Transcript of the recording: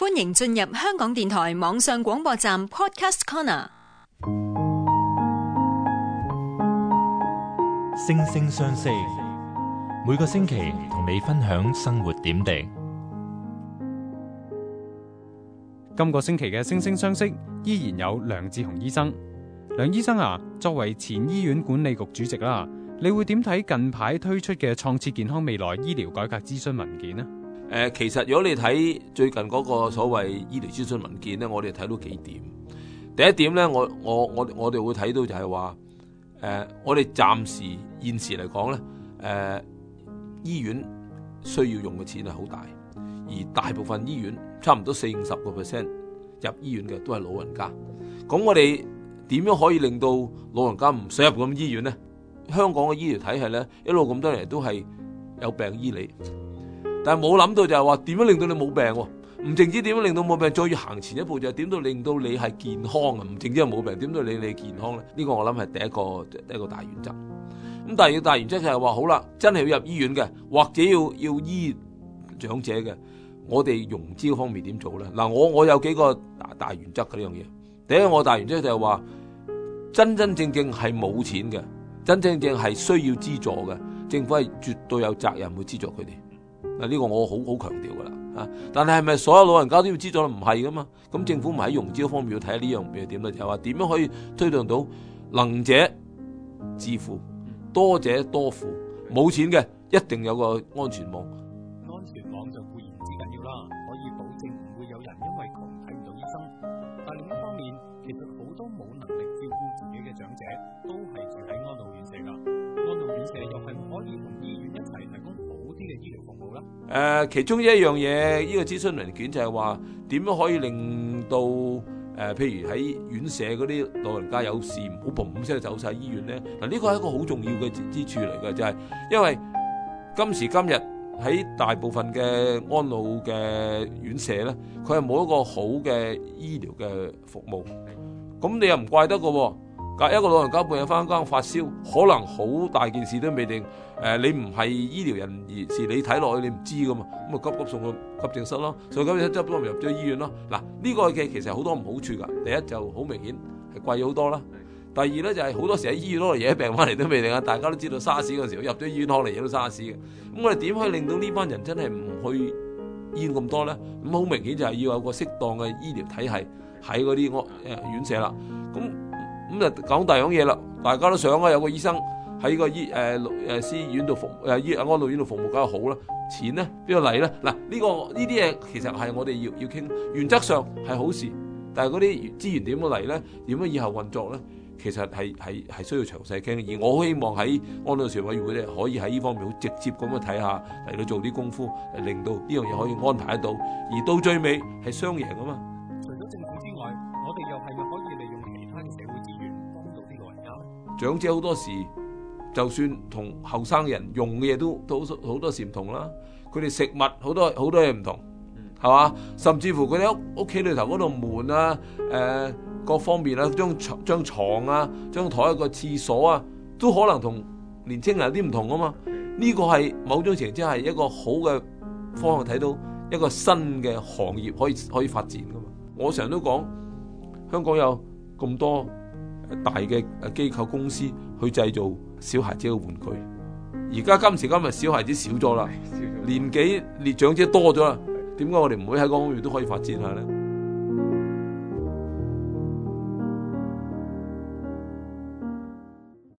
歡迎進入香港電台網上廣播站 Podcast Corner。星聲相識，每個星期同你分享生活點滴。今、這個星期嘅星聲相識依然有梁志鴻醫生。梁醫生啊，作為前醫院管理局主席啊，你會點睇近排推出嘅創設健康未來醫療改革諮詢文件呢？誒、呃，其實如果你睇最近嗰個所謂醫療諮詢文件咧，我哋睇到幾點。第一點咧，我我我我哋會睇到就係話，誒、呃，我哋暫時現時嚟講咧，誒、呃，醫院需要用嘅錢係好大，而大部分醫院差唔多四五十個 percent 入醫院嘅都係老人家。咁我哋點樣可以令到老人家唔使入咁醫院咧？香港嘅醫療體系咧，一路咁多年，都係有病醫你。但係冇諗到就係話點樣令到你冇病喎、啊？唔淨止點樣令到冇病，再要行前一步就係點到令到你係健康啊！唔淨止係冇病，點到你係健康咧？呢個我諗係第一個第一個大原則。咁第二個大原則就係話好啦，真係要入醫院嘅，或者要要醫長者嘅，我哋融資方面點做咧？嗱，我我有幾個大原則嘅呢樣嘢。第一個我大原則就係話真真正正係冇錢嘅，真真正正係需要資助嘅，政府係絕對有責任去資助佢哋。啊！呢個我好好強調噶啦，嚇！但係係咪所有老人家都要知道了？唔係噶嘛？咁政府咪喺融資方面要睇下呢樣嘢點咧，就係話點樣可以推動到能者自富，多者多富，冇錢嘅一定有個安全網。誒、呃、其中一樣嘢，呢、這個諮詢文件就係話點樣可以令到誒、呃，譬如喺院舍嗰啲老人家有事唔好砰砰聲走晒醫院咧。嗱、呃，呢、這個係一個好重要嘅之處嚟嘅，就係、是、因為今時今日喺大部分嘅安老嘅院舍咧，佢係冇一個好嘅醫療嘅服務，咁你又唔怪得㗎喎。隔一個老人家半夜翻間發燒，可能好大件事都未定。誒、呃，你唔係醫療人員，是你睇落去你唔知噶嘛。咁啊急急送，到急送到急到急去急症室咯，所以今日即刻入咗醫院咯。嗱，呢、這個嘅其實好多唔好處噶。第一就好明顯係貴好多啦。第二咧就係好多時喺醫院攞嚟嘢病翻嚟都未定啊。大家都知道沙士嘅時候，入咗醫院可能嘢到沙士嘅。咁我哋點可以令到呢班人真係唔去醫院咁多咧？咁好明顯就係要有個適當嘅醫療體系喺嗰啲院舍啦。咁咁就講第二樣嘢啦，大家都想啊，有個醫生喺個醫誒誒私院度服誒醫、呃、安老院度服務梗係好啦，錢咧邊度嚟咧？嗱呢、這個呢個呢啲嘢其實係我哋要要傾，原則上係好事，但係嗰啲資源點樣嚟咧？點樣以後運作咧？其實係係係需要詳細傾。而我希望喺安老事務委員會咧，可以喺呢方面好直接咁樣睇下嚟到做啲功夫，嚟令到呢樣嘢可以安排得到，而到最尾係雙贏啊嘛。政府長者好多時，就算同後生人用嘅嘢都都好多時唔同啦。佢哋食物好多好多嘢唔同，係嘛？甚至乎佢哋屋屋企裏頭嗰度門啊、誒、呃、各方面啊、張張牀啊、張台、個廁所啊，都可能同年青人有啲唔同啊嘛。呢、這個係某種程度即係一個好嘅方向，睇到一個新嘅行業可以可以發展噶嘛。我成日都講香港有咁多。大嘅誒機構公司去製造小孩子嘅玩具。而家今時今日小孩子少咗啦，年紀年長者多咗啦，點解我哋唔會喺嗰方面都可以發展下咧？